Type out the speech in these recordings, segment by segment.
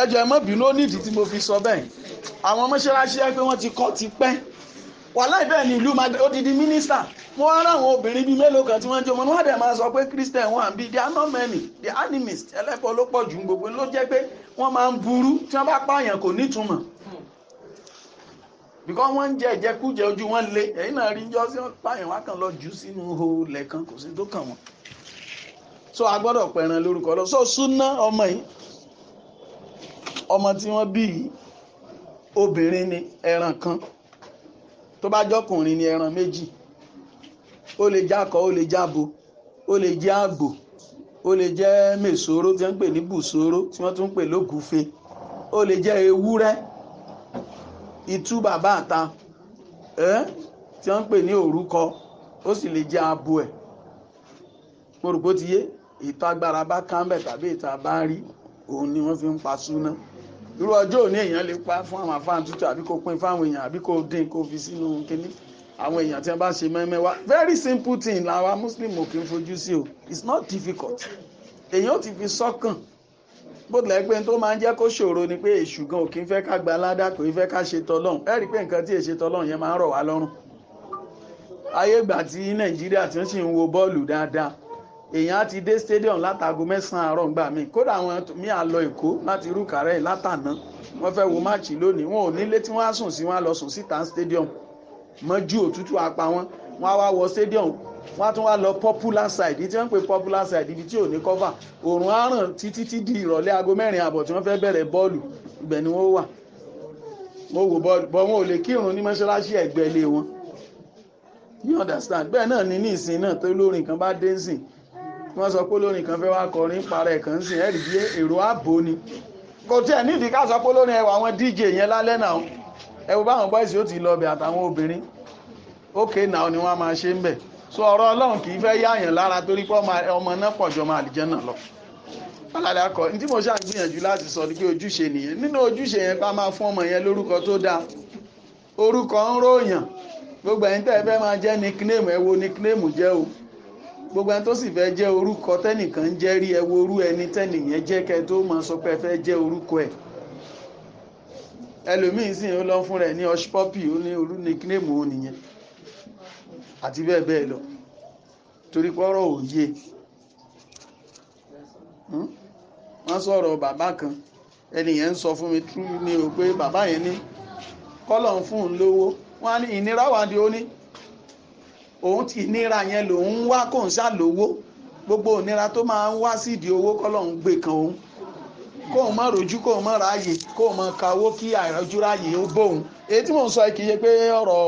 ẹjọ ẹ má bínú ó nídìí tí mo fi sọ bẹ́ẹ̀ àwọn mọ́ṣáláṣí ẹ pé wọ́n ti kọ́ ti pẹ́ wàláì bẹ́ẹ̀ ni ìlú odidi mínísítà wọ́n rán àwọn obìnrin bíi mélòó kan tí wọ́n jẹ́ ọmọ níwájú ẹ̀ máa sọ pé christian wà ń bí they are not many they animist ẹlẹ́pọ̀ ló pọ̀ jù gbogbo ló jẹ́ pé wọ́n máa ń burú tí wọ́n bá pààyàn kò nítumọ̀ because wọ́n ń jẹ ìjẹkújẹ ojú wọn lé ẹ̀yìn náà rí jọ́sí wọn pààyàn wá kàn lọ jù sínú ihò lẹ́ẹ̀kan kò sí tó kàn wọ́n so a gbọ́dọ̀ pẹ̀ràn lórúkọ lọ so súná ọmọ yìí ọmọ tí wọ́n bí obìnrin ni ẹran kan tó bá jọkùnrin ni ẹran méjì ó lè jákọ ó lè jábo ó lè jẹ́ àgbò ó lè jẹ́ mèsòrò tí wọ́n ń pè ní bùsòrò tí wọ́n tún ń pè lógùfe ó lè jẹ́ ewúrẹ́ itú bàbá àta ẹ́ tí wọ́n ń pè ní òrúkọ ó sì lè jẹ́ abo ẹ̀ mo rò pé ó ti yé ìta agbára bá kánbẹ̀ tàbí ìta bá rí òun ni wọ́n fi ń pa súná irú ọjọ́ òní èèyàn lè pa fún àwọn afáàn tútù àbí kò pín fáwọn èèyàn àbí kò dín kò fi sínú kínní àwọn èèyàn tí wọ́n bá ṣe mẹ́mẹ́wá very simple thing làwa muslim ò kì í fojú sí o it's not difficult èèyàn ò ti fi sọ́kàn bó tilẹ̀ pé tó máa ń jẹ́ kó ṣòro ni pé èṣù gan ò kì í fẹ́ ká gba aládá kò í fẹ́ ká ṣe tọlọ́hún ẹ rí i pé nǹkan tí èṣe tọlọ́hún yẹn máa ń rọ̀ wá lọ́rùn ayé ìgbà tí nàìjíríà tí wọ́n sì ń wo bọ́ọ̀lù dáadáa èèyàn ti dé stadium látago mẹ́sàn-án àárọ̀ ńgbà míì kódà àwọn mi à lọ èkó láti irú kàrẹ́ látàná wọ́n fẹ́ wo máàcì lónìí wọn ò nílé tí wọ́n á sùn sí wọn á lọ sùn síta stadium mọ́jú òtútù apá wọn wọn á wá wọ stadium wọn á tún wá lọ popular side tí wọ́n ń pè popular side ibi tí ò ní cover òòrùn á ràn títí tí di ìrọ̀lẹ́ aago mẹ́rin àbọ̀ tí wọ́n fẹ́ bẹ̀rẹ̀ bọ́ọ̀lù ibẹ̀ ni wọ́n wà wọ́n wò bọ́ọ̀lù bọ́ wọn ò lè kírun ní mọ́ṣáláṣí ẹ̀gbẹ́ ilé wọn you understand bẹ́ẹ̀ náà ni ní ìsìn náà tó lórin kan bá dé ń sìn wọ́n sọ pé lónìí kan fẹ́ wá kọrin parẹ́ kan sí ẹ̀rí bí èrò ààbò ni kò tiẹ̀ nídìí ká sọ pé lónìí ẹwà àwọn dj yẹn lálẹ́ náà ẹ wo báwọn bọ́ìsì ó ti lọ bẹ̀ àtàwọn obìnrin ókè náà ni wọ́n máa ṣe ń bẹ̀ so ọ̀rọ̀ ọlọ́run kì í fẹ́ yáàyàn lára torí pé ọmọ náà pọ̀ jọ máa àlìjẹ́ náà lọ alàlẹ́ akọ ní tí mo ṣáà gbìyànjú láti sọ ni pé ojúṣe nìyẹn nínú ojúṣe yẹn ká máa fún ọmọ yẹn lórúkọ tó dáa orúkọ ń ròyàn gbogbo ẹ̀yin tẹ́ ẹ fẹ́ máa jẹ́ nickname ẹ wo nickname jẹ́ o gbogbo ẹni tó sì fẹ́ jẹ́ orúkọ tẹ́nìkan jẹ́ rí orú ẹni tẹ́nìyẹn jẹ́ tó mọ sọ pé jẹ́ orúkọ ẹ̀ ẹlòmíín sì ń lọ fún ní ọṣpọ́pì ó ní òun nìyẹn àti bẹ́ẹ̀ lọ torí pọ́rọ̀ òye hmm? wọ́n sọ̀rọ̀ bàbá kan òun ti ìnira yẹn lòun ń wá kò ń ṣàlówó gbogbo ìnira tó máa ń wá sídìí owó kọ́lọ́hún gbé kan òun kó o mọ rojú kó o mọ ráàyè kó o mọ kawó kí àìrọ́jú ráàyè ó bóun èyí tí mò ń sọ kì í ṣe pé ọ̀rọ̀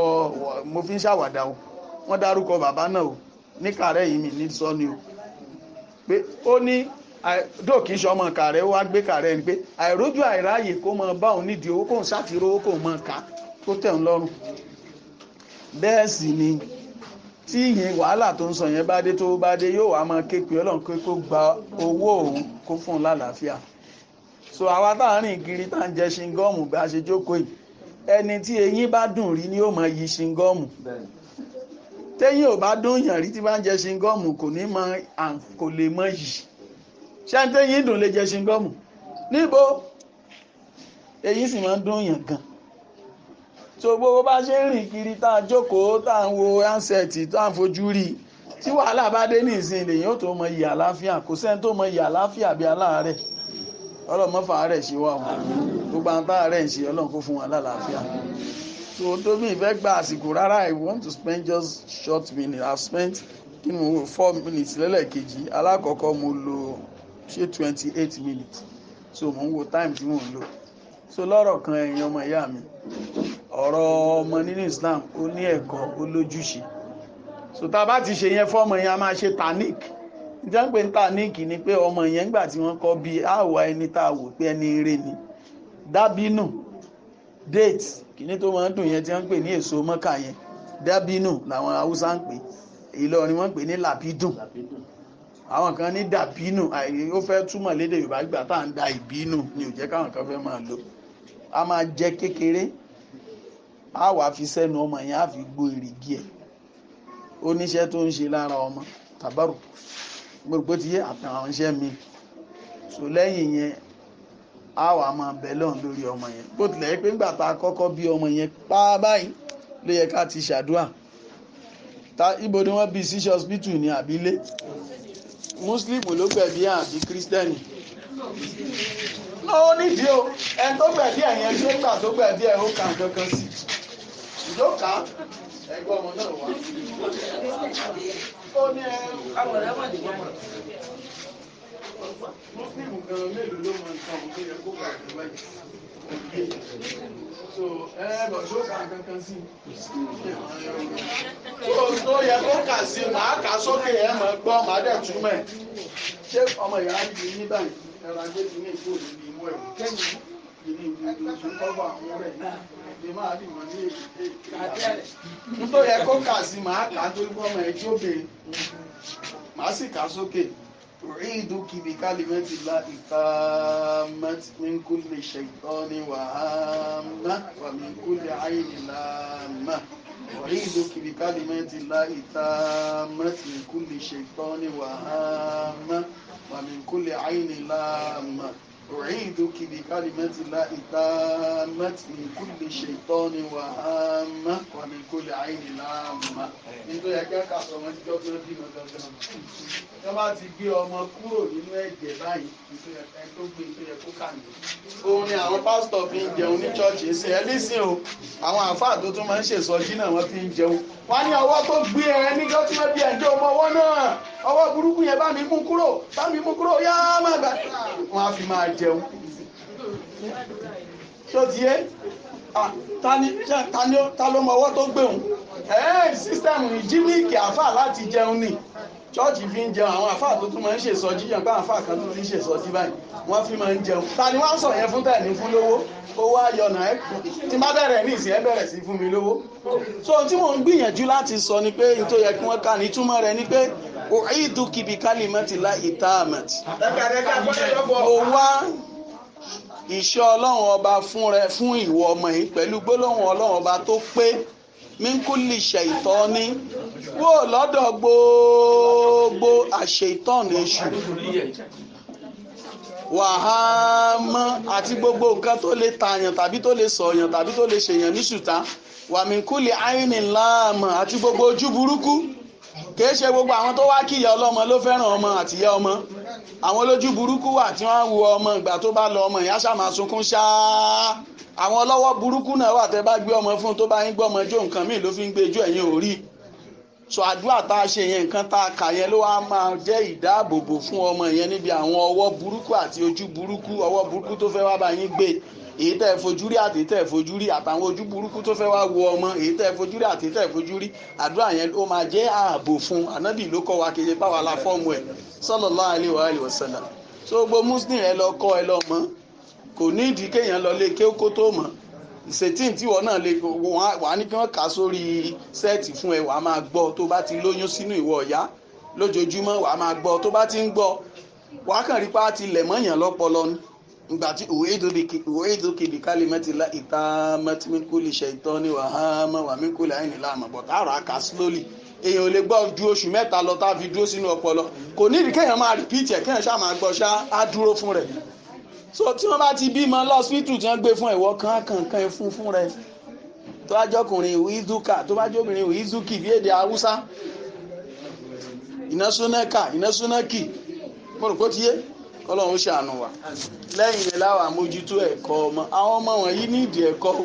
mo fi ń ṣàwàdà o wọ́n dárúkọ bàbá náà o ní kàrẹ́ yìí mi ní sọ ni o pé ó ní dóòkì ń ṣọmọ kàrẹ́ ó wá gbé kàrẹ́ ni pé àìrọ́jú àìráàyè kó o mọ bá òun nídìí owó kó o ń owó kó o mọ ká tó tẹ̀ ń lọ́rùn bẹ́ẹ̀ sì ni tí ìyìn wàhálà tó ń sọ yẹn bá dé tó bá dé yóò wá máa ké pé ọlọ́run pé kó gba owó òun kó fún un lálàáfíà so àwa táàrin kiri tá à ń jẹ ṣingọ́ọ̀mù bá a ṣe jókòó yìí ẹni tí eyín bá dùn rí ni yóò máa yí ṣingọ́ọ̀mù téyín ò bá dùn yàn rí tí bá ń jẹ ṣingọ́ọ̀mù kò ní mọ kò lè mọ yìí ṣé téyín dùn lè jẹ ṣingọ́ọ̀mù níbo eyín sì máa ń dùn yàn gan-an so gbogbo bá ṣe ń rìn kiri tá a jókòó tá a ń wo ansẹ̀tì tá a ń fojú rí tí wàhálà bá dé ní ìsìn lèyìn ó tó mọ iyì àláfíà kò sẹ́ni tó mọ iyì àláfíà bí aláàárẹ̀ ọlọ́mọ́fà rẹ̀ ṣe wà wọ́n gbogbo àwọn tá a rẹ̀ ń ṣe ọlọ́run kó fún wa lálàáfíà so tóbi ìfẹ́ gba àsìkò rárá i want to spend just short minute i spent kí ni mo wò four minutes lẹ́lẹ́kejì alákọ̀ọ́kọ́ mo lo ṣe twenty eight minutes so mo ń wo time tí mo ń lò so lọ́rọ̀ kan ẹ̀yin ọmọ ìyá mi ọ̀rọ̀ ọmọ nínú Islam ó ní ẹ̀kọ́ ó lójúṣe so tá a bá ti ṣe yẹn fọ́mọ yẹn a máa ṣe tanik níta ń pè ní tanik ni pé ọmọ yẹn ńgbà tí wọ́n kọ́ bí àwọ̀ ẹni tá a wò pé ẹni eré ni dábínù date kìíní tó máa ń dùn yẹn tí wọ́n ń pè ní èso mọ́kà yẹn dábínù làwọn haúsá ń pè Ìlọrin wọ́n pè ní làbídùn àwọn kan ní dàbínù ó fẹ́ túmọ̀ lédè Yorùbá gbà tá à ń da ìbínú ni ò jẹ́ káwọn kan fẹ́ máa lò á máa jẹ kékeré A wàá fi sẹ́nu ọmọ yẹn á fi gbó èrìgì ẹ̀ oníṣẹ́ tó ń ṣe lára ọmọ tàbárò mo rò pé ti yé àtàwọn iṣẹ́ mi so lẹ́yìn yẹn á wàá máa bẹ̀ lórí ọmọ yẹn bó tilẹ̀ yẹ pé ńgbà tá a kọ́kọ́ bí ọmọ yẹn pa báyìí ló yẹ ká ti ṣàdúrà ta ibo ni wọ́n bí ṣíṣe hospital ní àbílé muslim ló gbẹ̀bí àbí kírísítẹ́nì náà ó nídìí o ẹni tó gbẹ̀bí ẹ̀yẹn ṣé gbà tó gbẹ̀bí ẹ̀ ó kà kankan sí i ìdókà ẹgbẹ́ ọmọ náà wá. ó ní ẹ àwọn gan mélòó ló máa ń tan tó yẹ kó kà ní wáyé. so ẹ lọ dókà kankan sí i. tó tó yẹ kó kà sí i màá kà sókè ẹ mọ̀ gbọ́ màá dẹ̀ túmọ̀ ẹ̀. ṣé ọmọ ìyá yìí ní báyìí ẹ̀rọ ajé ti ní ìfowópamọ́ ìmú ẹ̀ kẹ́yìn ìní ìlú ìlú bọ̀ àwọn rẹ̀ náà èdè máa dì wọ́n ní èdè kájẹ́rẹ̀ nítorí ẹ kó kà sí màá kà á torí bọ́mọ ẹ tí ó bèrè màá sì kà sókè rí ìdókì bí kálímẹ́tì la ìta mẹ́tìmínkù lè ṣètọ́ ní wàhámà wàmínkù lè àyìnì láàmà rí ìdókì bí kálímẹ́tì la ìta mẹ́tìmínkù lè ṣètọ́ ní wàhámà wàmínkù lè àyìnì láàmà. أعيدك بكلمات الله التامة من كل شيطان وهامة ومن كل عين لامة. nítorí ẹgbẹ́ kàṣọ wọn ti dọ́gbọ́n bímọ dandan. tó bá ti gbé ọmọ kúrò nínú ẹ̀jẹ̀ báyìí nítorí ẹgbẹ́ tó gbé nítorí ẹ̀kọ́ kàní. òun ni àwọn pásítọ̀ fi ń jẹun ní ṣọ́ọ̀ṣì ṣe ẹ lísìn o àwọn àáfàá tó tún máa ń ṣèṣọ́jí náà wọ́n fi ń jẹun. wọ́n ní ọwọ́ tó gbé ẹ ní dọ́gbọ́n bíi ẹ̀jẹ̀ ọmọ ọwọ́ náà ọwọ́ burúkú yẹn bá mi mú kúrò bá mi mú kúrò yáá má gbà. wọ́n á fi máa jẹun tó ti yé ta ló mọ ọwọ́ tó gbéhùn ẹ̀ẹ́ sísítẹ́mù ìjíníkì àáfà láti jẹun ni chọ́ọ̀chì fi ń jẹun àwọn àáfà tó tún máa ń ṣèsọjí yàn pé àáfà kan tó ti ń ṣèsọjí báyìí wọ́n fi máa ń jẹun ta ni wọ́n sọ yẹn fún tẹ̀ ní fún lówó owó ayọ̀nà ẹ̀ tí má bẹ̀rẹ̀ ní ìsìn ẹ̀ bẹ̀rẹ̀ sí fún mi lówó so tí mò ń gbìyànjú láti sọ ni pé n tó yẹ kí wọ́n kà ní túmọ̀ rẹ̀ ni pé u'iduki bi kalimati la itamati. mo wá ìṣọ́ ọlọ́run ọba fún rẹ fún ìwọ ọmọ yìí pẹ̀lú gbólóhùn ọlọ́run ọba tó pé minkuli ṣèitọ́ni wò lọ́dọ̀ gbogbo àṣeitọ́ni èṣù wàhámọ́ àti gbogbo nǹkan tó lè tààyàn tàbí tó lè sọ̀yàn tàbí tó lè ṣèyàn ní ṣùtá wàmínkuli àìní láàmù àti gbogbo ojú burúkú kì í ṣe gbogbo àwọn tó wá kíyà ọlọ́mọ ló fẹ́ràn ọmọ àtìyá ọmọ àwọn olójú burúkú wà tí wọ́n wu ọmọ ìgbà tó bá lọ ọmọ ìyá ṣàmà sunkún ṣáá àwọn ọlọ́wọ́ burúkú náà wà tẹ́ bá gbé ọmọ fún tó bá yín gbọ́ ọmọ jó nǹkan míì ló fi ń gbé ijó ẹ̀yìn òrí so àdúrà tá a ṣe yẹn nǹkan tá a kà yẹn ló wá máa jẹ́ ìdáàbòbò fún ọmọ yẹn níbi àwọn ọwọ́ burúkú àti ojú burúkú ọwọ́ burúkú tó fẹ́ wá bá yín gbé èyí tẹ́ ẹ fojú rí àti tẹ́ ẹ fojú rí àtàwọn ojú burúkú tó fẹ́ wá wo ọmọ èyí tẹ́ ẹ fojú rí àti tẹ́ ẹ fojú rí àdúrà yẹn ó máa jẹ́ ààbò fún ànábì ló kọ́ wa kejì báwa la fọ́ọ̀mù ẹ̀ sallallahu alaihi wa alihi wasallam so gbogbo muslim ẹ lọ kọ́ ẹ lọ mọ̀ kò ní ìdí kéèyàn lọ lé ké kó tó mọ̀ ìṣètì tíwọ náà lè wà á ní kí wọ́n kà sórí sẹ́ẹ̀tì fún ẹ wàá máa gbọ́ tó bá ti lóyún sínú ìwọ ọ̀yá lójoojúmọ́ wàá máa gbọ́ tó bá ti ń gbọ́ wàá kàn rí pa á ti lẹ̀ mọ́yàn lọ́pọlọ ni ìgbà tí òwédókè bí kálímẹ́tì ìta mẹ́tìmíkú lè ṣe ìtọ́ ní wàhámà wàmíkú láì ní láàmà bọ̀ tá a rà ká slowly èèyàn ò lè gbọ́ ju oṣù mẹ́ta lọ tá a fi dúró sínú ọpọlọ kò ní ìdí kéèyàn máa rìpíìtì ẹ̀ kéèyàn ṣáà máa gbọ́ ṣá á dúró fún rẹ̀ so tí wọ́n bá ti bímọ lọ́sítù tí wọ́n gbé fún ẹ̀wọ́ kankankan ẹ̀ fún fún rẹ̀ tó bá jọkùnrin ìwízuka tó bá jọbìnrin ìwízuki bí èdè haúsá ìnásúnáka ìnásúnáki mo rò pé ti yé kọ́lọ́run ṣàánú wa lẹ́yìn yẹn láwa mójútó ẹ̀kọ́ ọmọ àwọn ọmọ wọ̀nyí nídìí ẹ̀kọ́ o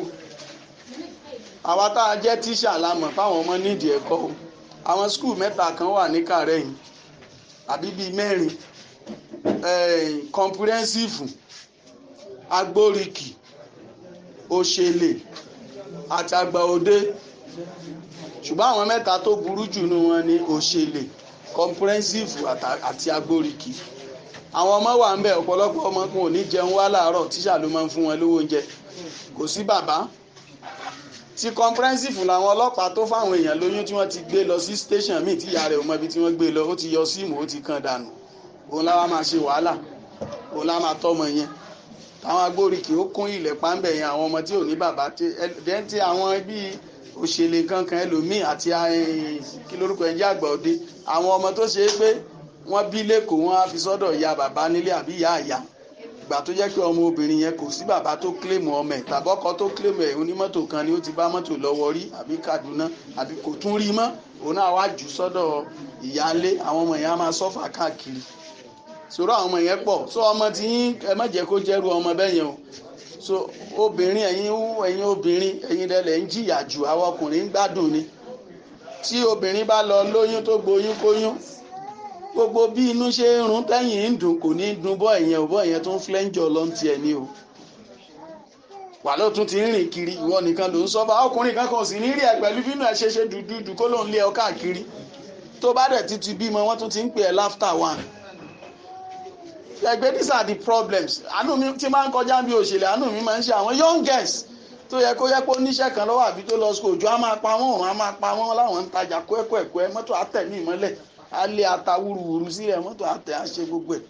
àwa tá a jẹ́ tíṣà la mọ̀ fáwọn ọmọ nídìí ẹ̀kọ́ o àwọn skul mẹ́ta kan wà ní kàrẹ́yìn àbí bíi mẹ́rin kọ̀ǹpúrẹ́nsìfù agbóríkì òṣèlè àti àgbàòde ṣùgbọ́n àwọn mẹ́ta tó burú jù nínú wọn ni òṣèlè kọ̀ǹpúrẹ́nsìfù àti agbóríkì àwọn ọmọ wà ń bẹ ọ̀pọ̀lọpọ̀ ọmọ kan ò ní jẹun wá láàárọ̀ tíṣà ló máa ń fún wọn lówó oúnjẹ kò sí bàbá ti comprehensive làwọn ọlọ́pàá tó fáwọn èèyàn lóyún tí wọ́n ti gbé lọ sí station míì tí ìyá rẹ̀ ò mọ ibi tí wọ́n gbé lọ ó ti yọ síìmù ó ti kan dànù òun láwa máa ṣe wàhálà òun láwa máa tọ́mọ yẹn táwọn agbóríkì ó kún ilẹ̀ pàmbẹ̀ yẹn àwọn ọmọ tí ò ní bàbá tí àwọn bíi òṣèlè kankan ẹlòmíì àti eh, kí lórúkọ ẹ̀yìn àgbà òde àwọn ọmọ tó ṣe é pé wọ́n bí lẹ́kọ̀ọ́ wọ́n á fi sọ́dọ̀ ya bàbá nílé àbí ìyá àyà ìgbà tó jẹ́ pé ọmọ obìnrin yẹn kò sí bàbá tó kílèmù ọmọ ẹ̀ tàbọ́kọ tó kílèmù ẹ̀ onímọ́tò kan ni ó ti bá mọ́tò lọ́wọ́ rí àbí Kaduna àbí kò tún rí mọ́ òun náà wá jù sọ́dọ̀ ìyáálé àwọn ọmọ yẹn á máa sọ́fà káàkiri sọ̀rọ̀ àwọn ọmọ yẹn pọ̀ sọ ọmọ tí yín ẹ má jẹ́ kó jẹ́rú ọmọ bẹ́ẹ̀ yẹn o so obìnrin ẹ̀yin ẹ̀yin obìnrin ẹ̀yin lẹ́lẹ̀ ń jìyà jù àwọn ọkùnrin ń gbádùn ni tí obìnrin bá lọ lóyún tó gboyún kóyún gbogbo bí inú ṣe ń rún tẹ́yìn ń dùn kò ní dùn bọ́ ìyẹn ò bọ́ ìyẹn tó ń flẹ́ńjọ lọ ń tiẹ̀ ní o wà ló tún ti ń rìn kiri ìwọ nìkan ló ń sọ bá ọkùnrin kan kan sì ní rí ẹ pẹ̀lú bínú ẹ ṣeṣe dùdùdù kó ló ń lé ọ káàkiri tó bá dẹ̀ títí bímọ wọ́n tún ti ń pè ẹ́ láftà one ẹgbẹ́ these are the problems àánú mi ti máa ń kọjá bí òṣèlè àánú mi máa ń ṣe àwọn young girls tó yẹ kó yẹ kó níṣẹ́ kan lọ́wọ́ àbí tó lọ school òjò á máa pa wọ́n á máa pa wọ́n láwọn ń tajà kó ẹ̀kọ́ ẹ̀kọ́ ẹ mọ́tò á tẹ̀ mí mọ́lẹ̀ a lé sílẹ̀ mọ́tò àtẹ àṣẹ gbogbo ẹ̀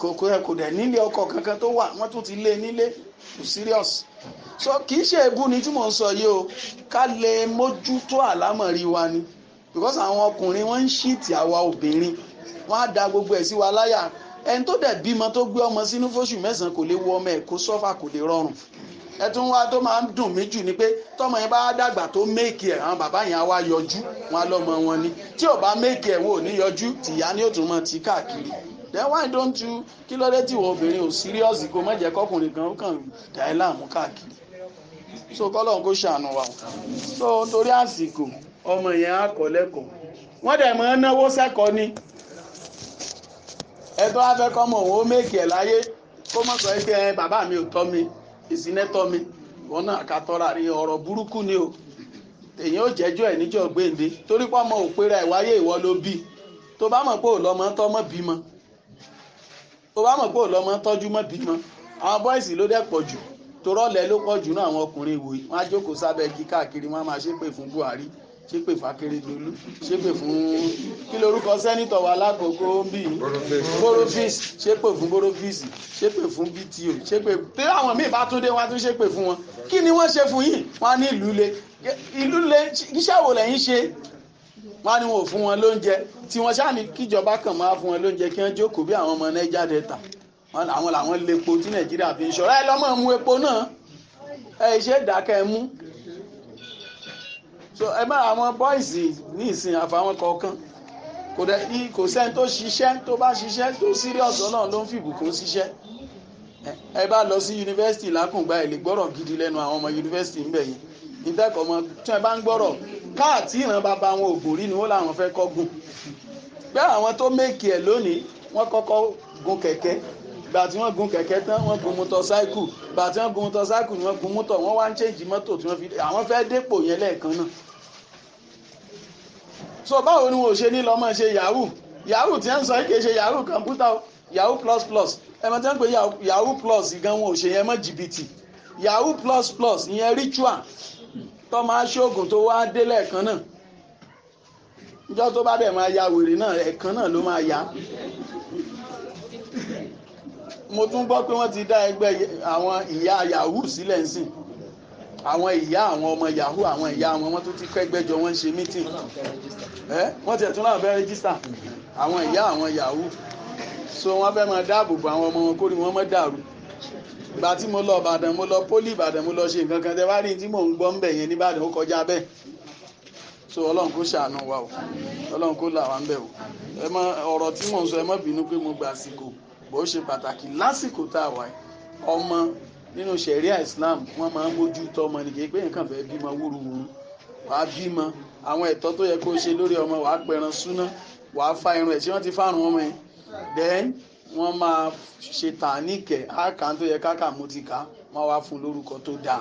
kòkó ẹ̀ kò dẹ̀ nílé ọkọ̀ kankan tó wà wọ́n tún ti lé e nílé kò serious so kì í ṣe èébú ni tí mò ń sọ yìí o ká lè mójútó àlámọ̀rí wa ni because àwọn ọkùnrin wọ́n ń ṣíìtì àwa obìnrin wọ́n á da gbogbo ẹ̀ sí wa láyà ẹni tó dẹ̀ bímọ tó gbé ọmọ sínú fóṣù mẹ́sàn-án kò lè wọ ọmọ ẹ̀ kó sọ́fà kò lè rọrùn ẹtún wa tó máa ń dùn mí jù ni pé tọmọ yẹn bá dàgbà tó méèkì ẹ àwọn bàbá yẹn á wá yọjú wọn lọmọ wọn ni tí ò bá méèkì ẹ wò ní yọjú tìyá ni ó tún mọ ti káàkiri then why don't you kí ló dé tí ìwọ obìnrin ò serious kó má jẹ́ kọkùnrin kan ó kàn dà ẹ́ láàmú káàkiri so kọ́lọ́n kó ṣàánú wa so torí àsìkò ọmọ yẹn á kọ́ lẹ́kọ̀ọ́ wọ́n dẹ̀ mọ́ náwó sẹ́kọ̀ọ́ ni ẹ̀tọ́ afẹ́kọ́mọ òun ó méèkì ẹ̀ láyé kó mọ̀ sọ pé bàbá mi ò tọ́ mi ìsínẹ́tọ̀ mi wọn náà ká tọ́ra rí ọ̀rọ̀ burúkú ni o èyàn ò jẹ́jọ́ ẹ̀ níjọ́ gbèǹde torí pé ọmọ òpera ìwáyé ìwọ ló bí tó bá mọ̀ pé òlọ́mọ tọ́mọ bímọ tó bá mọ̀ pé òlọ́mọ tọ́jú mọ́ bímọ àwọn bọ́ìsì ló dẹ̀ pọ̀ jù torọ́lẹ̀ ló pọ̀ jù náà àwọn ọkùnrin wọn á jókòó sábẹ́ Buhari ṣépè fàkèrèdọ́lù ṣépè fún kí lorúkọ sẹ́nitọ̀ wa lákòókò bíi borofis ṣépè fún borofis ṣépè fún bto ṣépè tí àwọn míì bá tún dé wọn tún ṣépè fún wọn kí ni wọ́n ṣe fún yìí wọ́n á ní ìlú le ìlú le iṣẹ́ wo lẹ́yìn ṣe wọ́n á ní wọn ò fún wọn lóúnjẹ tí wọ́n ṣáà ní kíjọba kàn máa fún wọn lóúnjẹ kí wọ́n jókòó bí àwọn ọmọ Niger Delta àwọn làwọn lepo tí Nàìjíríà fi ń ṣọ́ra ẹ lọ́mọ mú epo náà ẹ ṣe dákẹ́ mú so ẹ má àwọn bọ́ìsì ní ìsìn àfàwọn kọ̀ọ̀kan kò dẹ kò sẹ́ni tó ṣiṣẹ́ tó bá ṣiṣẹ́ tó sírìọ̀sì ọlọ́run ló ń fìbùkún ṣiṣẹ́ ẹ bá lọ sí yunifásitì lákùngbà ẹ lè gbọ́rọ̀ gidi lẹ́nu àwọn ọmọ yunifásitì ń bẹ̀ yìí ìtẹ́kọ̀ọ́ ọmọ tí wọ́n bá ń gbọ́rọ̀ káàtì ìran bàbá wọn ògùn rí ni wọ́n làwọn fẹ́ kọ́ gùn pé àwọn tó méèkì ẹ̀ lónìí wọ́n kọ́kọ́ gun kẹ̀kẹ́ gbà tí wọ́n gun kẹ̀kẹ́ tán wọ́n gun mọ́tọ́sáìkù gbà tí wọ́n gun mọ́tọ́sáìkù ni wọ́n gun mọ́tọ́ wọ́n wá ń ṣèjì mọ́tò tí wọ́n fi àwọn fẹ́ dépò yẹn lẹ́ẹ̀kan náà so báwo ni wọn ò ṣe ní lọ́mọ ṣe yahoo yahoo tí wọ́n sọ yìí kìí ṣe yahoo kọ̀ǹpútà yahoo plus plus ẹ mọ̀ tí yahoo plus gan wọn ò ṣe yẹn mọ́ jìbìtì yahoo plus plus ìyẹn ritual tó máa ṣoògùn tó wá dé lẹ́ẹ̀kan náà ìjọ tó bá dẹ̀ máa ya wèrè náà ẹ̀kan náà ló máa ya mo tún gbọ́ pé wọ́n ti dá ẹgbẹ́ àwọn ìyá yahoo sílẹ̀ ń sìn àwọn ìyá àwọn ọmọ yahoo àwọn ìyá wọn wọn tó ti kẹgbẹjọ wọn ń ṣe mítìn ẹ wọn tiẹ̀ tún láwọn fẹ́ rẹ́gísítà àwọn ìyá àwọn yahoo so wọn fẹ́ máa dáàbò bo àwọn ọmọ wọn kó ni wọn má dàrú ìgbà tí mo lọ ìbàdàn mo lọ pólì ìbàdàn mo lọ ṣe nǹkan kan tẹ wá rí tí mò ń gbọ́ ń bẹ̀ yẹn níbàdàn ó kọjá bẹ́ẹ̀ so ọlọ́run kó ṣàánú wa o ọlọ́run kó là wá ń bẹ̀ o ẹ mọ ọ̀rọ̀ tí mò ń sọ ẹ mọ bínú pé mo gbà àsìkò bó ṣe pàtàkì lásìkò tá a wà ọmọ nínú ṣẹ̀ríà Islam wọ́n máa ń mójú tọ́ ọmọ nìkan pé nǹkan fẹ́ bímọ wúruwúru wàá bímọ àwọn ẹ̀tọ́ tó yẹ kó ṣe lórí ọmọ wàá pẹran súná wàá fa irun ẹ̀ tí wọ́n ti fárun ọmọ yẹn then wọ́n máa ṣe tàníkẹ̀ àkàn tó yẹ káka mo ti kà wọ́n wá fún lórúkọ tó dáa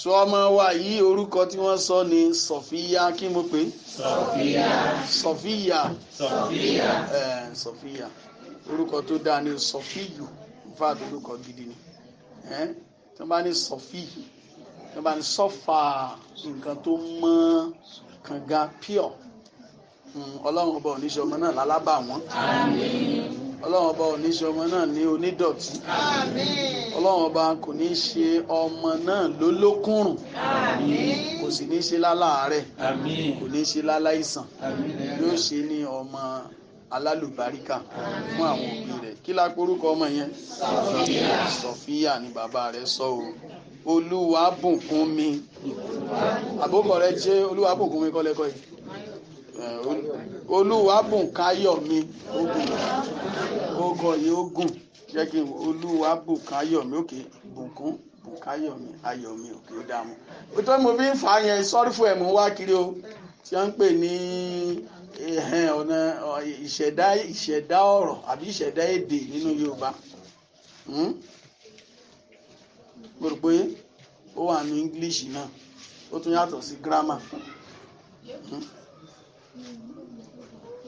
sọ ọmọ wa yìí orúkọ tí wọ́n sọ ni Sọfíyà kí mo pè Sọfíyà Sọfíyà Sọfíyà eh, orúkọ tó dáa ni Sọfíyù fáàdì orúkọ gidi ni tí wọ́n bá ní sọ́fì tí wọ́n bá ní sọ́fà nǹkan tó mọ́ kànga pure hmm, ọlọ́run ọba oníṣẹ́ ọmọ náà lálábà wọ́n ọlọ́run ọba oníṣẹ́ ọmọ náà ní onídọ̀tí ọlọ́run ọba kò ní ṣe ọmọ náà lólókùnrùn kò sì ní ṣe láláàárẹ̀ kò ní ṣe láláìsàn yóò ṣe ní ọmọ alálùbáríkà fún àwọn òbí rẹ̀ kí la porúkọ ọmọ yẹn sọfíà ni bàbá rẹ̀ sọ o olúwa bùnkún mi àbókọ rẹ̀ jẹ́ olúwa bùnkún mi kọlẹkọ yìí olúwa bùnkáyọ̀ mi ogun ogọ yìí ogun jẹ́ kí olúwa bùnkáyọ̀ mi òkè bùnkún bùnkáyọ̀ mi ayọ̀ mi òkè ó dààmú. ó tọ́ mo fi ń fà yẹn sọ́rí fún ẹ̀ wá kiri o tí wọ́n ń pè ní ọ̀nà ìṣẹ̀dá ìṣẹ̀dá ọ̀rọ̀ àbí ìṣẹ̀dá èdè nínú Yorùbá hmm? mo rò pé ó wà ní English náà ó tún yàtọ̀ sí grammar hmm?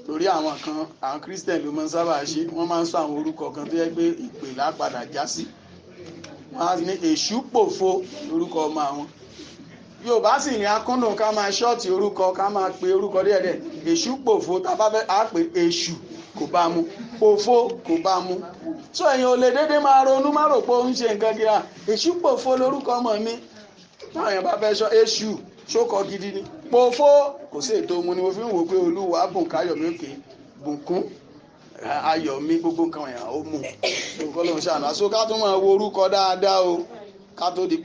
torí àwọn kan àwọn Christian ló máa ń sábà ṣe wọ́n máa ń sọ àwọn orúkọ kan tó yẹ pé ìpè lápadà já sí wọ́n á ní èṣù pòfo lórúkọ ọmọ àwọn yorùbá sì ní akúndùn ká máa ṣọ́ọ̀tì orúkọ ká máa pe orúkọ díẹ̀díẹ̀ èṣù pòfo tá a bá fẹ́ á pè èṣù kò bá mu pòfo kò bá mu tó ẹ̀yin ò lè dédé máa ronú má rò pé ó ń ṣe nǹkan gíga èṣù pòfo lórúkọ ọmọ mi táwọn èèyàn bá fẹ́ ṣọ èṣù ṣókọ gidi ni pòfo kò sí ètò mu ni mo fi ń wò pé olúwa bùn káyọ̀mí òkè bùnkún ayọ̀ mi gbogbo nǹkan yẹn ó mú nǹkan ló ń ṣàná wo orúkọ dáadáa o ká tó di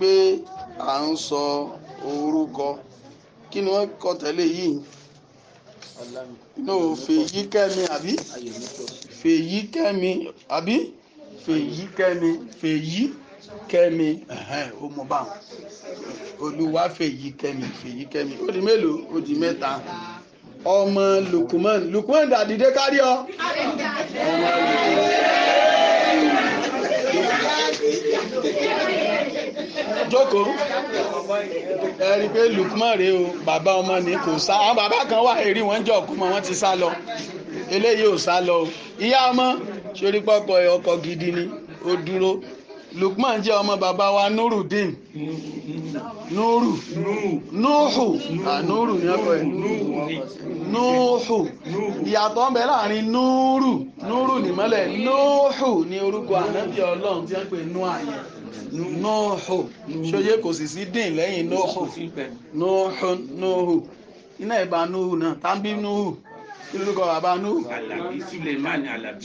orúkọ kí ni wọ́n kọ tẹ̀lé yìí no fèyíkẹ́mi àbí fèyíkẹ́mi àbí fèyíkẹ́mi fèyíkẹ́mi ó mọ báwọn olúwa fèyíkẹ́mi fèyíkẹ́mi ó di mélòó ó di mẹ́ta ọmọ lukuman lukuman dàdídé kárí ọ ọmọ lukuman jókòó ẹ rí i pé Lukman rèé o bàbá ọmọ ni kò sá àwọn bàbá kan wà èrí wọn jọ kú mọ wọn ti sá lọ eléyìí ò sá lọ o ìyá ọmọ sórí pọpọ ọkọ gidi ni ó dúró Lukman jẹ́ ọmọ bàbá wa Nurudeen Nuru Nuhu Nuru ni ọkọ ẹ̀ Nuhu ìyàtọ̀ ń bẹ láàrin Nuru Nuru nìmọ́lẹ̀ Nuhu ni orúkọ ànábì Ọlọ́run tí wọ́n pè nú àyẹ̀ nóòhù ṣóyé kò sì sí dín lẹ́yìn nóòhù nóòhù nóòhù iná ìbá nóòhù náà tábí nóòhù kí lórúkọ bàbá nóòhù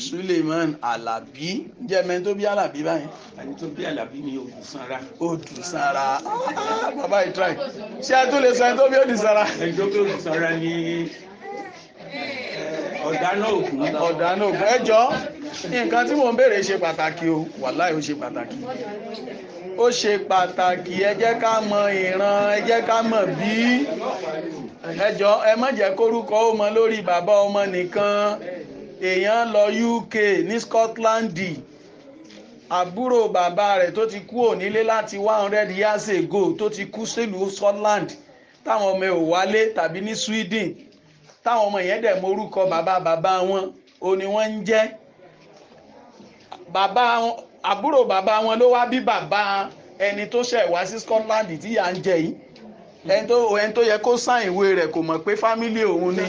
Suleiman Alabi jẹ́mẹ́ tó bí Alabi báyìí ẹni tó bí Alabi ni Odùsanra Odùsanra bàbá ìtrai ṣé ẹ tó lè sọ ẹni tó bí Odùsanra ẹni tó bí Odùsanra ni ọ̀dà náà òkú ọ̀dà náà òkú ẹjọ́ nǹkan tí mò ń béèrè ṣe pàtàkì o wàláì ó ṣe pàtàkì ó ṣe pàtàkì ẹ jẹ́ ká mọ ìran ẹ jẹ́ ká mọ bí ẹ jọ̀ọ́ ẹ má jẹ́ kórúkọ ó mọ lórí bàbá ọmọ nìkan èèyàn lọ UK ní Scotland àbúrò bàbá rẹ̀ tó ti kú ònílé láti one hundred years ago tó ti kú sílùú Scotland táwọn ọmọ ò wálé tàbí ní Sweden táwọn ọmọ yẹn dẹ̀ mọ orúkọ bàbá bàbá wọn ó ní ń jẹ́ bàbá àbúrò bàbá wọn ló wá bí bàbá ẹni tó ṣẹ̀ wá sí Scotland tí yà ń jẹ yìí ẹni tó ẹni tó yẹ kó sàn ìwé rẹ̀ kò mọ̀ pé fámílì òun ni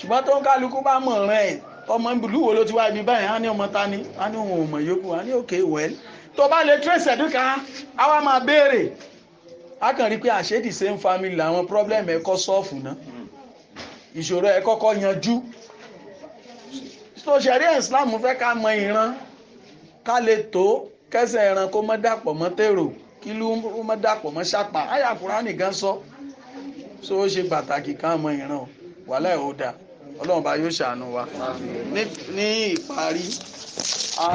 ṣùgbọ́n tó ń kálukú bá mọ̀ rẹ̀ ẹ̀ ọmọ ìlú wo ló ti wá ibi báyìí á ní ọmọ ta ni á ní òun ò yòókù á ní òkè wẹ́l tó bá lè trace ẹ̀dúkà á wá máa béèrè á kàn rí i pé àṣé same family làwọn problem ẹ̀kọ́ sọ́ọ̀fù náà ìṣòro ẹ̀kọ́kọ́ yanjú so ṣẹ̀ríà Islam fẹ́ ká mọ ìran ká lè tó kẹsẹ̀ ẹran kó mọ́ dàpọ̀ mọ́ tèrò kí ló mọ́ dàpọ̀ mọ́ ṣàpà àyà Kùránì gan sọ so ó ṣe pàtàkì ká mọ ìran wàhálà ẹ̀ ó dáa ọlọ́run bá yóò ṣàánú wa ní ìparí a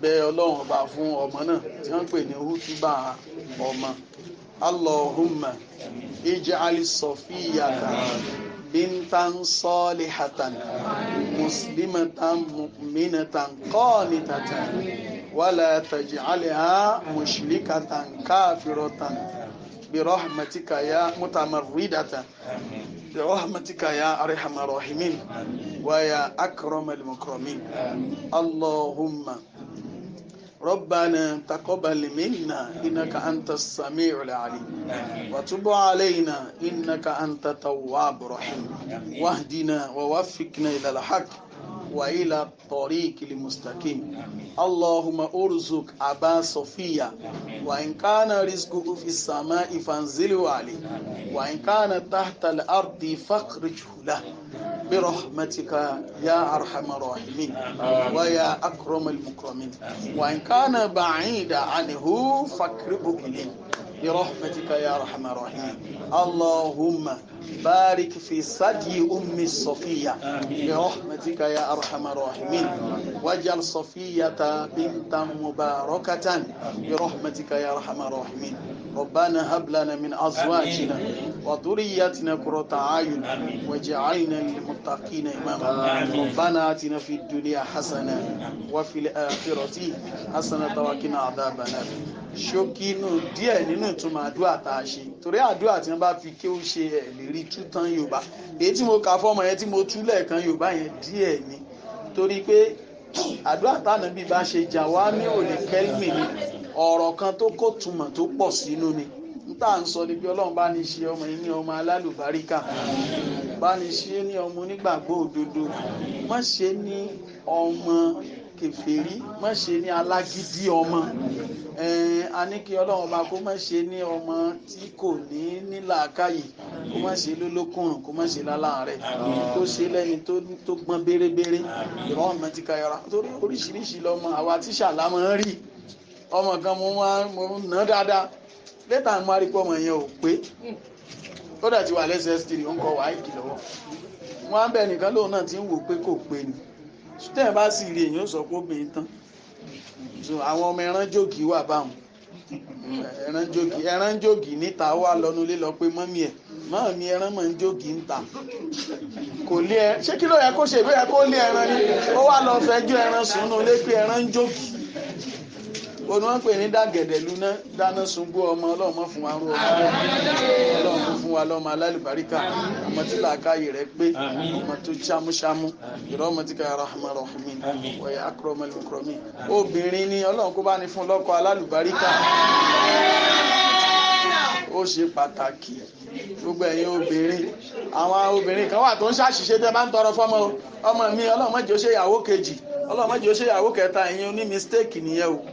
bẹ ọlọ́run ọba fún ọmọ náà tí wọ́n ń pè ní hútúbà ọmọ Allahumma ij'al sọ̀fíyàtà. بنتا صالحة مسلمة مؤمنة قانتة ولا تجعلها مشركة كافرة برحمتك يا متمردة برحمتك يا أرحم الراحمين ويا أكرم المكرمين اللهم ربنا تقبل منا إنك أنت السميع العليم وتب علينا إنك أنت تواب رحيم واهدنا ووفقنا إلى الحق وإلى الطريق المستقيم اللهم ارزق أبا صفية وإن كان رزقه في السماء فانزله عليه وإن كان تحت الأرض فاخرجه له برحمتك يا أرحم الراحمين ويا أكرم المكرمين وإن كان بعيدا عنه فاقربه إليه برحمتك يا أرحم الراحمين اللهم بارك في ثدي أم صفية برحمتك يا أرحم الراحمين واجعل صفية بنتا مباركة برحمتك يا أرحم الراحمين ربنا هب لنا من أزواجنا وذرياتنا قرة أعين واجعلنا للمتقين إماما ربنا آتنا في الدنيا حسنة وفي الآخرة حسنة وقنا عذاب النار ṣókí inú díẹ̀ nínú ìtumọ̀ àdúrà tá a ṣe torí àdúrà tí wọ́n bá fi kí ó ṣe ẹ̀ lè yorùbá èyí tí mo kà fọ́mọ yẹn tí mo tú lẹ́ẹ̀kan yorùbá yẹn díẹ̀ ni torí pé àdúrà tá ànábì bá ṣe jà wá ní òní kẹ́lìmì ni ọ̀rọ̀ kan tó kó túmọ̀ tó pọ̀ sínú ni níta ń sọ ni bí ọlọ́run bá ní ṣe ọmọ yìí ní ọmọ alálùbáríkà bá ní ṣe ní ọmọ onígbàgbọ́ òdodo má ṣe ní ọmọ kèfèrí má ṣe ní alágídí ọmọ a ní kí ọlọ́run ọba kó má ṣe ní ọmọ tí kò ní nílàákàyè kó má ṣe lólókùnrùn kó má ṣe láláàárẹ̀ kó ṣe lẹ́ni tó gbọ́n bérebére ìrọ̀ ọ̀mọ́ ti ka torí oríṣiríṣi lọ́mọ àwa tíṣà lámọ́ rí ọmọ kan mo máa mo ná dáadáa lẹ́tà ń márí pé ọmọ yẹn ò pé ó dà ti wà lẹ́sẹ̀ stiri ó ń kọ wáìkì lọ́wọ́ wọn á bẹ̀ nìkan lóun náà ti ń wò pé kò pé ni tẹ́ bá sì rí èyàn sọ pé obìnrin tán àwọn ọmọ ẹran jòkì wà báwọn ẹran jòkì ẹran jòkì níta wà lọ́nulé lọ pé mọ́mí ẹ̀ mọ́mí ẹran mọ̀ ń jòkì níta kò lé ẹ ṣé kí ló yẹ kó ṣe ìwé yẹ kó lé ẹran ni ó wà lọ fẹjọ́ ẹran sùn nù pé ẹran jòkì. onu ní wọ́n ń pè ní dàgẹ̀dẹ̀ lúná dáná sunbú ọmọ ọlọ́mọ fún wa ń ro na fún wa lọ́mọ alálùbáríkà ọmọ tí làákàyè rẹ̀ pé ọmọ tó ṣámúṣámú ìrọ́ ọmọ tí káyọ̀ rahma rahmin akọrọmọ obìnrin ni ọlọ́run kó bá ní fún lọ́kọ alálùbáríkà ó ṣe pàtàkì gbogbo obìnrin àwọn obìnrin kan wà tó ń ṣàṣìṣe bá ń tọrọ ọmọ mi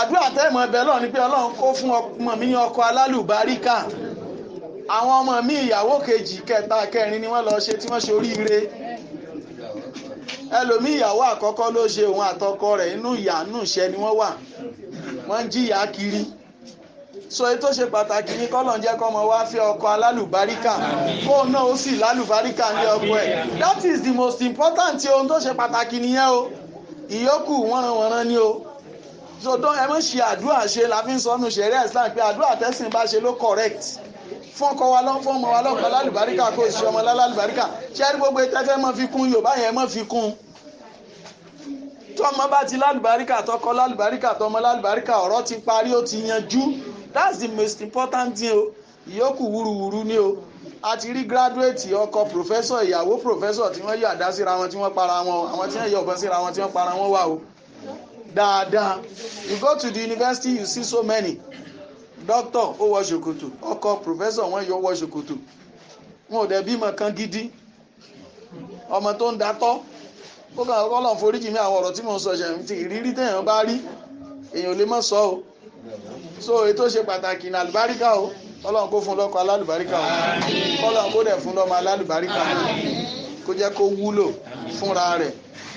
àdúrà tẹ́ẹ̀mọ́ ẹbẹ̀ lọ́run ni pé ọlọ́run kó fún ọmọ mi ní ọkọ alálùbáríkà àwọn ọmọ mi ìyàwó kejì kẹta kẹrin ni wọ́n lọ ṣe tí wọ́n ṣe oríire ẹlòmí ìyàwó àkọ́kọ́ ló ṣe òun àtọkọ rẹ̀ inú ìyà inú ìṣẹ́ ni wọ́n wà wọ́n ń jìyà kiri so ètò ṣe pàtàkì ní kọ́lọ̀ ń jẹ́ kọ́mọ wá fẹ́ ọkọ alálùbáríkà kó náà ó sì lálùbáríkà ní ọkọ ẹ̀ that is the most important ohun tó ṣe pàtàkì nìyẹn o ìyókù wọ́nranwọ̀nran ni o sọdọ ẹ mọ ṣe àdúrà ṣe la ṣẹ̀rí islam pé àdúrà tẹsán bá ṣe ló correct fọkọ wa lọ fọmọ wa lọkọ lálùbáríkà kò sí ọmọ lálùbáríkà ṣẹ́rí gbogbo ìtẹ́fẹ́ mọ́ fi kún yorùbá yẹn mọ́ fi kún tọmọ bá ti lálùbáríkà tọkọ lálùbáríkà tọmọ lálùbáríkà ọ̀rọ̀ ti parí ó ti yanjú that's the most important thing o ìyókù wúruwúru ni o a ti rí gírádùétì ọkọ pòfẹ́sọ̀ ìyàwó pòfẹ́sọ̀ tí wọ́n yọ àdá síra wọn tí wọ́n para wọn àwọn tí wọ́n yọ ọ̀bọ síra wọn tí wọ́n para wọn wà o dáadáa you go to the university you see so many doctor ó wọ ṣòkòtò ọkọ professor wọn yọ wọ ṣòkòtò wọn ò dẹ̀ bímọ kan gidi ọmọ tó ń datọ́ ó kàn ọkọ lọ́n foríjì mi àwọn ọ̀rọ̀ tí mò ń sọ ṣẹ̀yìn tí ìrírí téèyàn bá rí èèyàn ò lè mọ̀ sọ o so ètò ṣe pàtàkì ní àlùbáríkà o ọlọ́run kó fún lọ́kọ alálùbáríkà o ọlọ́run kó dẹ̀ fún lọ́mọ alálùbáríkà o kó jẹ́ kó wúlò fúnra rẹ̀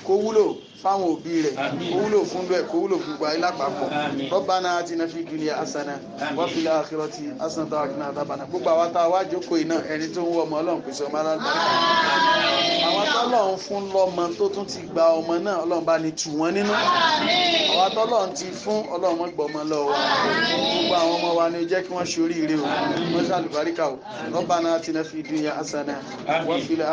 kó wúlò fáwọn òbí rẹ̀ kó wúlò fún bẹ́ẹ̀ kó wúlò fún gba ilápapọ̀ Rabbana atina fid dunya hasana wa fil akhirati hasanata wa qina adhabana gbogbo àwọn tá a wá jókòó iná ẹni tó ń wọ ọmọ Ọlọ́run pèsè ọmọ alágbàdàn àwọn tọ́lọ́run fún lọ́mọ tó tún ti gba ọmọ náà Ọlọ́run bá ní tù wọ́n nínú àwọn tọ́lọ́run ti fún Ọlọ́run gbọ́mọ lọ́wọ́ gbogbo àwọn ọmọ wa ni jẹ́ kí wọ́n ṣe oríire o wọ́n ṣàlùbáríkà o Rabbana atina fid dunya hasana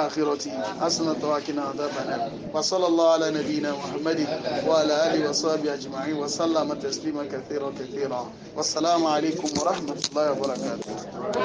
akhirati hasanata wa qina adhabana وصلى الله على نبينا محمد وعلى آله وصحبه أجمعين وسلم تسليما كثيرا كثيرا والسلام عليكم ورحمة الله وبركاته